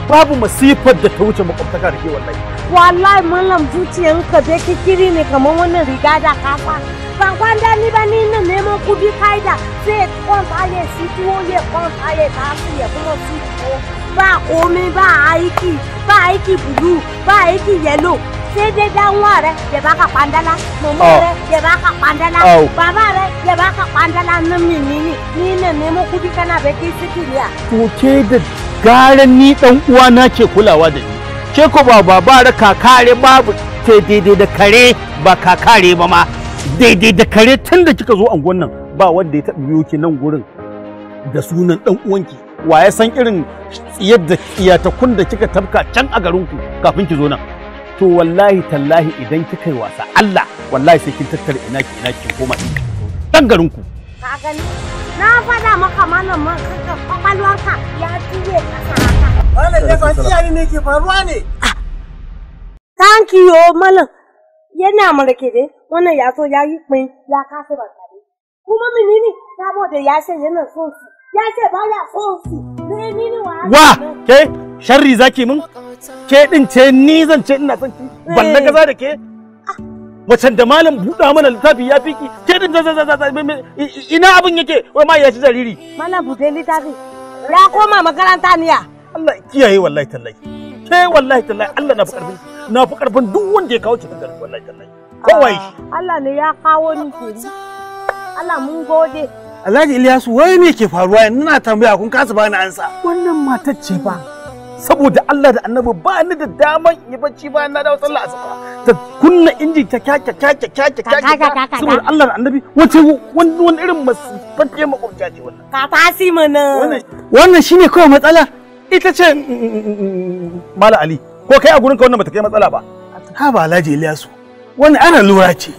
babu masifar da ta wuce makwabtaka da ke wallahi wallahi mallam zuciyanka da kikiri ne kamar wannan riga da kafa ba kwanda ni ba ni nan neman kudi kaida sai kwanta ya si tuwo ya kwanta ya tafi ya kuma si tuwo ba komai ba aiki ba aiki bulu ba aiki yellow sai dai danwa ware yẹ ba ka pandala mọmọ ah. rẹ yẹ ka pandala bàbá rẹ yẹ ka pandala ni mi ni ni ne nemo kudi kana bẹ k'i sikiri ya. to ke da gara ni dan uwana ke kulawa da ni ke ko ba baba kakare babu ta daidai da kare ba kakare ba ma daidai da kare tun da kika zo anguwan nan ba wanda ya taɓa biyo ki nan gurin da sunan dan uwanki wa ya san irin yadda iyatakun da kika tabka can a garinku kafin ki zo nan to wallahi tallahi idan kika yi wasa Allah wallahi sai kin tattara ina ki ina ki koma dan garin ku ka gani na fada maka man kanka kwakwalwarka ya tuye kasa haka wannan da fasiya ne ne ke faruwa ne ah! thank you oh, malam yana marake dai wannan ya so ya yi kwai ya kasa ba tare kuma menene saboda ya san yana so su ya ce ba ya so su sai ni ne wa ke sharri zaki mun ke din ce ni zan ce ina son ki balle eh. kaza da ke wacan ah. da malam buɗa mana littafi ya fiki ke din za za za ina abin yake wai ma ya ci jariri malam buɗe littafi ya koma makaranta niya Allah kiyaye wallahi tallahi ke wallahi tallahi Allah na fi karfin na fi karfin duk wanda ya kawo ki daga wallahi tallahi kowai ah, Allah ne ya kawo ni ke Allah mun gode Alhaji Ilyasu wai me ke faruwa yanzu na tambaya kun kasa bani ansa. Wannan matar ce ba. Saboda Allah da Annabi ba ni da daman in yi bacci ba na dawo sallah asuba. Ta kunna inji ta kyakya kyakya kyakya kyakya. Saboda Allah da Annabi wace wani wani irin masifacce makwabta ce wannan. Ka fasi mana. Wannan shine kawai matsala. Ita ce mm, mm, mm, Mala Ali. Ko kai a gurin ka wannan bata kai matsala ba. Ha ba Alhaji Ilyasu. Wannan ana lura ce.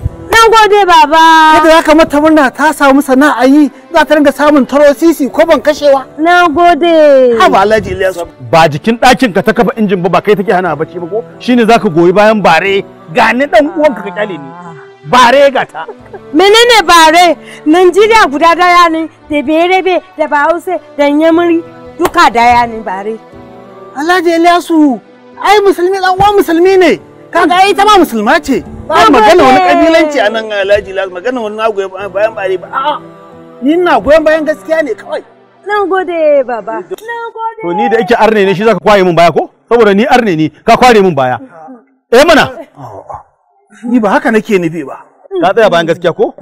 gode baba. Kada ya kamata murna ta samu sana'a yi za ta ringa samun taro sisi ko ban kashewa. Na gode. Haba Alhaji Ilyasu. Ba jikin ɗakin ka ta kafa injin ba ba kai take hana bacci ba ko shine zaka goyi bayan bare ga ni dan uwanka ka kyale ni. Bare ga ta. Menene bare? Najeriya guda daya ne da berebe da bahause da yamuri duka daya ne bare. Alhaji Ilyasu ai musulmi dan uwa musulmi ne. kaga ai ita ma musulma ce ba magana wani kabilanci a nan eh, alhaji la magana wani na goyon bayan bare ba a'a ni ina goyon bayan gaskiya ne kawai nan gode baba nan gode to ni da yake arne ne shi zaka kwaye mun baya ko saboda ni arne ne ka kware mun baya eh mana ni ba haka nake nufi ba ka tsaya bayan gaskiya ko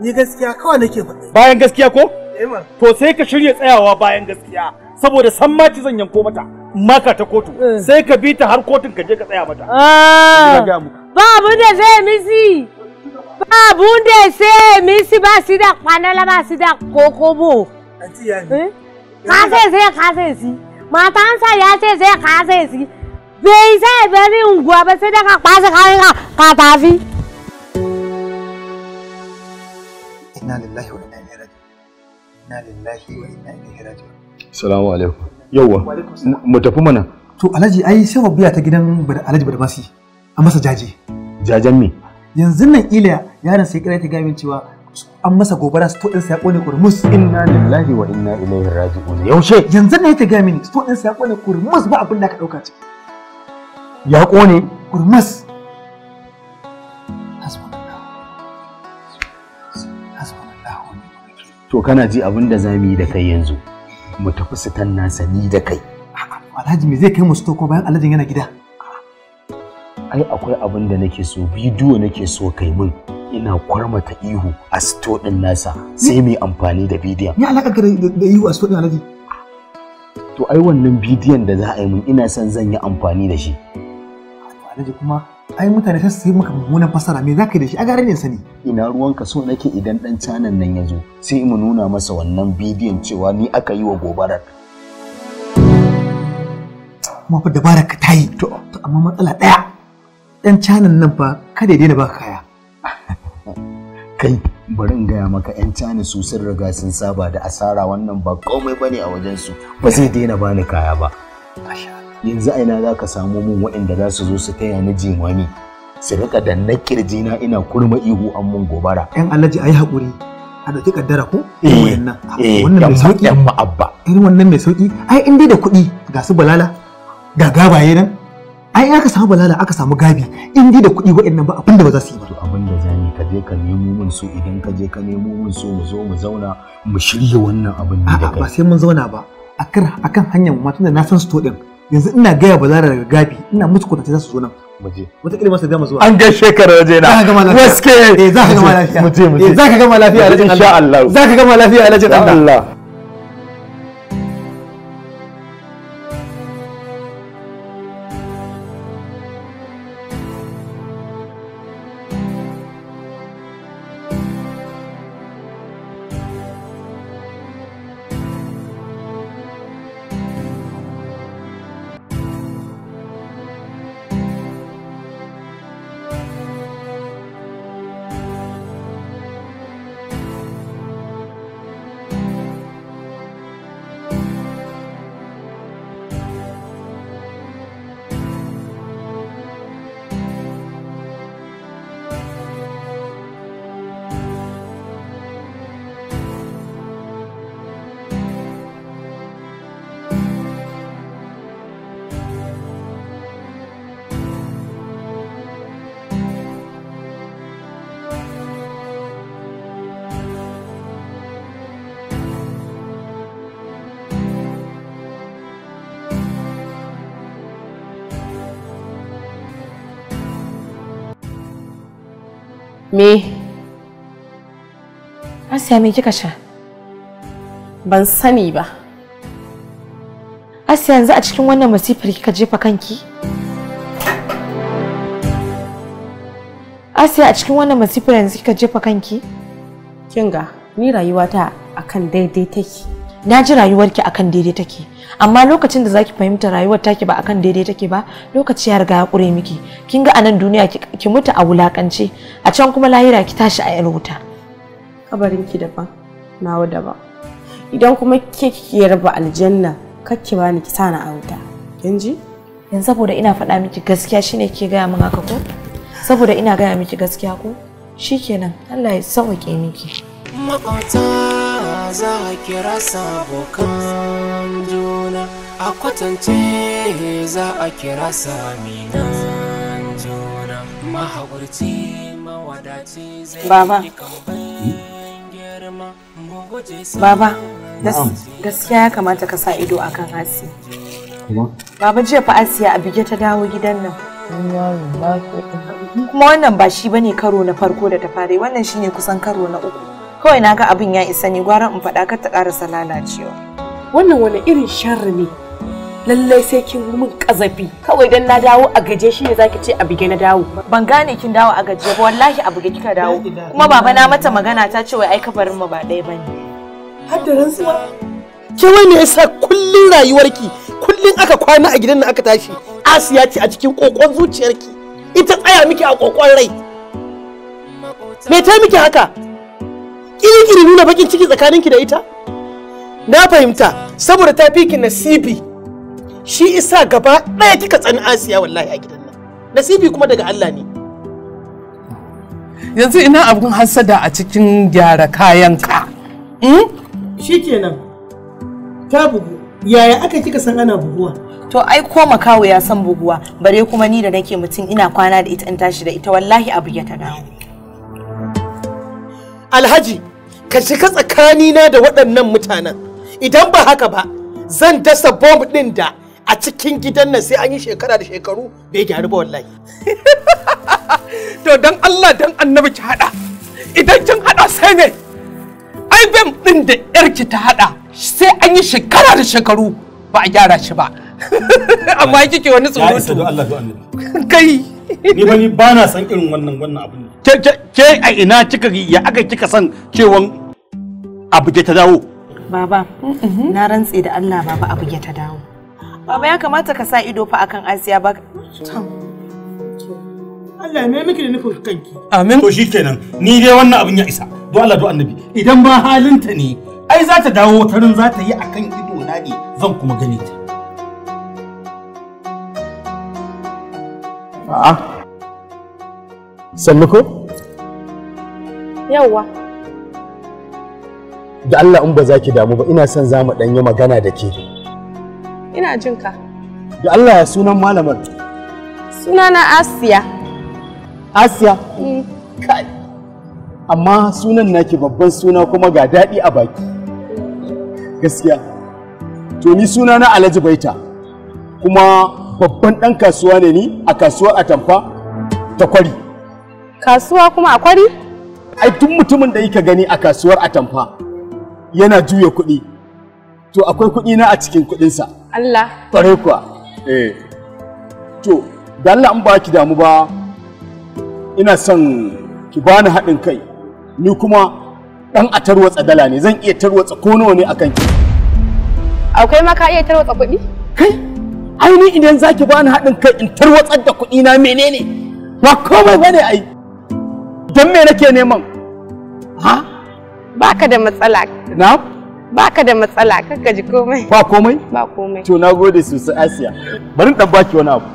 ni gaskiya kawai nake faɗi bayan gaskiya ko eh, to sai ka shirya tsayawa bayan gaskiya saboda san ma ci zan yanko mata maka ta kotu eh. sai ka bi ta har kotun ka je ka tsaya mata ah. ba abun da zai misi ba abun da sai misi ba su da kwanala ba su da kokobo eh? ka sai sai ka sai si matansa ya ce sai ka ce si bai sai bari unguwa ba sai da ka kwasa ka ka tafi inna lillahi wa inna ilaihi raji'un inna lillahi wa inna ilaihi raji'un assalamu alaikum yauwa mu tafi mana to alhaji ai sai mu biya ta gidan alhaji bada basi a masa jaje jajen me yanzu nan iliya yaron sai kira ta min cewa an masa gobara sto din sai ya kone kurmus inna lillahi wa inna ilaihi raji'un yaushe yanzu nan ta min sto din sai ya kone kurmus ba abin da ka dauka ce ya kone kurmus to kana ji abin da zamu yi da kai yanzu mu tafi sitan nasa ni da kai alhaji me zai kai mu sito ko bayan alhajin yana gida ai akwai abin da nake so bidiyo nake so kai mun ina kwarmata ihu a sito din nasa sai mai amfani da bidiyon ya alaka da ihu a sito din alhaji to ai wannan bidiyon da za a yi mun ina son zan yi amfani da shi alhaji kuma ai mutane sai su yi maka mummunan fasara me zaka da shi a garin ne sani ina ka so nake idan dan canan nan ya zo sai mu nuna masa wannan bidiyon cewa ni aka yi wa gobarar kuma fa dabara ka tayi to amma matsala daya dan canan nan fa kada ya daina baka kaya kai bari in gaya maka yan cani su sun riga sun saba da asara wannan ba komai bane a wajen su ba zai daina bani kaya ba yanzu a ina za ka samu mun waɗanda za su zo su taya ni jimami su rika da na kirjina ina kurma ihu an mun gobara yan alhaji yi haƙuri a ɗauki kaddara ko eh, ah, eh, wannan mai sauki yan ma'abba irin wannan mai sauki ai in dai da kuɗi ga su balala ga gabaye nan ai aka samu balala aka samu gabi in dai da kuɗi waɗannan ba abin da ba za su yi ba to abin da zani ka je ka nemo mun su idan ka je ka nemo mun su mu zo mu zauna mu shirya wannan abin da kai ba sai mun zauna ba akan hanyar matan da na san su to din yanzu ina gaya ba zara daga gabi ina musu kwatance za su zo nan muje wataƙila masu dama zuwa an ga shekarar waje na za ka gama lafiya eh za ka gama lafiya muje muje za ka gama lafiya lajin Allah za ka gama lafiya lajin Allah Me? Asiya me kika sha? Ban sani ba. Asiya yanzu a cikin wannan masifar kika jefa kanki? Asiya a cikin wannan masifar yanzu kika jefa kanki? Kinga, ni rayuwata akan daidai take. na ji rayuwarki akan daidai take amma lokacin da zaki fahimta rayuwar take ba akan daidai take ba lokaci ya riga ya kure miki kin ga anan duniya ki mutu a wulakance a can kuma lahira ki tashi a yar wuta kabarin ki daban nawa daban idan kuma ke kike raba aljanna kakki bani ki sana a wuta kin ji yanzu saboda ina faɗa miki gaskiya shine ke gaya min haka ko saboda ina gaya miki gaskiya ko shikenan Allah ya sauke miki Makota za a kira sabokan juna a kwatance za a kira saminan juna mahaƙurci mawadaci zai baba baba gaskiya ya kamata ka sa ido a kan hasi baba jiya fa asiya a bige ta dawo gidan nan kuma wannan ba shi bane karo na farko da ta fara yi. wannan shine kusan karo na uku kawai na ga abin ya isa ni gwara in faɗa ka ta ƙarasa lalacewa wannan wani irin sharri ne lallai sai kin min kazafi kawai dan na dawo a gaje shi ne zaki ce a bige na dawo ban gane kin dawo a gaje ba wallahi a bige kika dawo kuma baba na mata magana ta ce wai ai kabarin mu ba ɗaya bane har da rantsuwa ke wai me yasa kullun rayuwarki kullun aka kwana a gidan nan aka tashi asiya ce a cikin kokon zuciyarki ita tsaya miki a kokon rai me ta miki haka kirkiri nuna bakin ciki tsakaninki da ita na fahimta saboda ta fi nasibi shi isa gaba ɗaya kika tsani asiya wallahi a gidan nan nasibi kuma daga Allah ne yanzu ina abin hasada a cikin gyara kayan ka hmm? shikenan ta bugu yaya aka kika san ana buguwa to ai ko makawo ya san buguwa bare kuma ni da nake mutum ina kwana da ita in tashi da ita wallahi abu ya ta dawo alhaji ka shiga tsakanina da waɗannan mutanen idan ba haka ba zan dasa bom ɗin da a cikin gidan nan sai an yi shekara da shekaru bai gyaru ba wallahi to dan Allah dan annabi ki hada idan kin hada sai ne ai bam ɗin da ki ta hada sai an yi shekara da shekaru ba a gyara shi ba amma kike wani Allah kai ni ba ni bana na san irin wannan wannan abin ke a ina kika ya aka kika san cewa abuja ta dawo baba mm-hmm. na rantse da Allah baba abuja ta dawo baba ya kamata ka sa ido fa akan asiya ba Allah me miki da nufin kanki amin to kenan, ni dai wannan abin ya isa do Allah do annabi idan ba halinta ne ai za ta dawo tarin za ta yi akan ido na ne zan kuma gane ta a'a sannu ko yawwa da Allah in ba za ki damu ba ina son za mu ɗanyi magana da ke. Ina jin ka. Da Allah ya sunan malamar. Sunana Asiya. Asiya? Mm. Kai. Amma sunan naki babban suna kuma ga daɗi a baki. Gaskiya. To ni sunana Alhaji Baita. Kuma babban ɗan kasuwa ne ni a kasuwar Atamfa ta Kwari. Kasuwa kuma a Kwari? Ai tun mutumin da yake gani a kasuwar Atamfa yana juya kuɗi to akwai kuɗi na a cikin kuɗinsa Allah ƙwarai kuwa eh to da Allah an ba ki damu ba ina son ki bani haɗin kai ni kuma ɗan a tarwatsa dala ne zan iya tarwatsa ko nawa ne akan ki akwai ma ka iya tarwatsa kuɗi kai ai ni idan zaki bani haɗin kai in tarwatsar da kuɗi na menene ba komai bane ai don me nake neman ha Baka da matsala. Na? Baka da matsala, kakka ji komai. Ba komai? Ba komai. To na gode sosai Asiya. Bari in baki wani abu.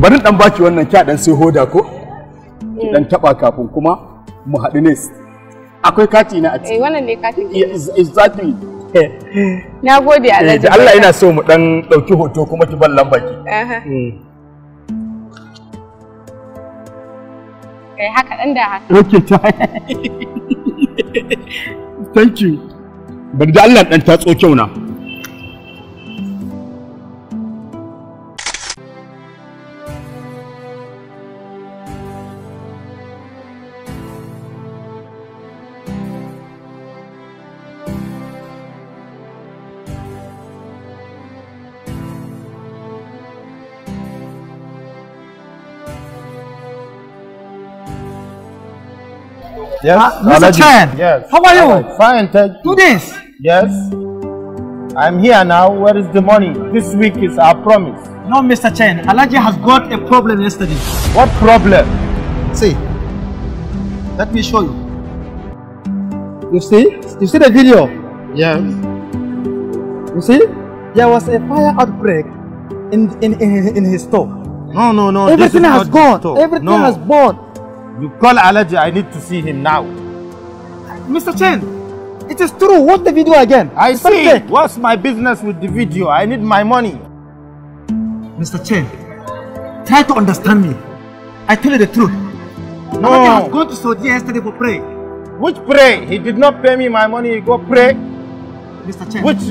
Bari in baki wannan kya dan sai hoda ko? Ki taba taɓa kafin kuma mu haɗu ne. Akwai kati na a ciki. Eh wannan ne kati Exactly. na gode eh, alhaji da Allah yana so mu dan dauki hoto kuma ki ban lamba ki mm. kai haka dan da haka okay ta thank you bari da Allah dan ta tso kyau na Yes. Uh, Mr. Chan. Yes. How are you? Right. Fine, thank you. Two days. Yes. I'm here now. Where is the money? This week is our promise. No, Mr. Chen. Alaji has got a problem yesterday. What problem? See. Let me show you. You see? You see the video? Yes. You see? There was a fire outbreak in in in, in his store. No, no, no. Everything has gone. Everything no. has burned. You call Alaji, I need to see him now. Mr. Chen, it is true. Watch the video again. I it's see. What's my business with the video? I need my money. Mr. Chen, try to understand me. I tell you the truth. No. I was going to Saudi yesterday for pray. Which pray? He did not pay me my money. He go pray. Mr. Chen. Which?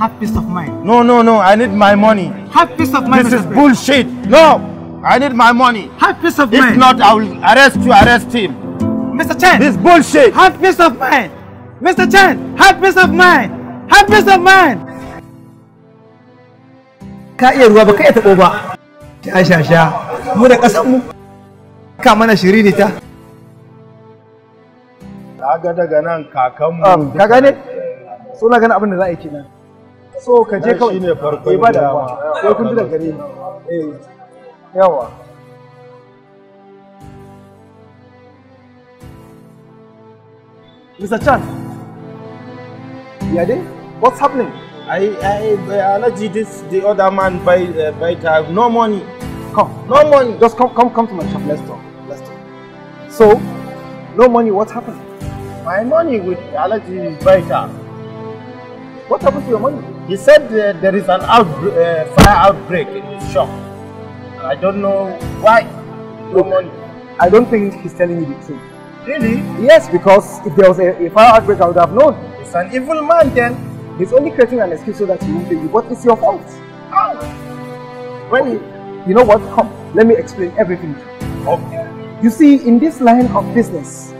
Have peace of mind. No, no, no. I need my money. Have peace of mind. This Mr. is bullshit. No. I need my money. Have peace of mind. If not, I will arrest you, arrest him. Mr. Chen. This bullshit. Have peace of mind. Mr. Chen, have peace of mind. Have peace of mind. Ka iya ruwa ba ka iya taɓo ba. Sha sha sha. Mu da ƙasar mu. Ka mana shiri ne ta. Kaga daga nan kakanmu. Ka gane? So na gani abin da za a yi kenan. So ka je kawai. Shi ne farko. Ibada. Sai kun ji da gare ni. Eh. yawa Mr. Chan yeah what's happening I I allergy this the other man buy uh, buy it have no money come no money just come come come to my shop let's talk let's talk so no money what happened my money with allergy buy car what happened to your money he said uh, there is an outbr uh, fire outbreak in his shop I don't know why. No money. I don't think he's telling you the truth. Really? Yes, because if there was a, a fire outbreak, I would have known. He's an evil man then. He's only creating an excuse so that he won't pay you, but it's your fault. How? When okay. you, know what? Come, let me explain everything. Okay. You see, in this line of business,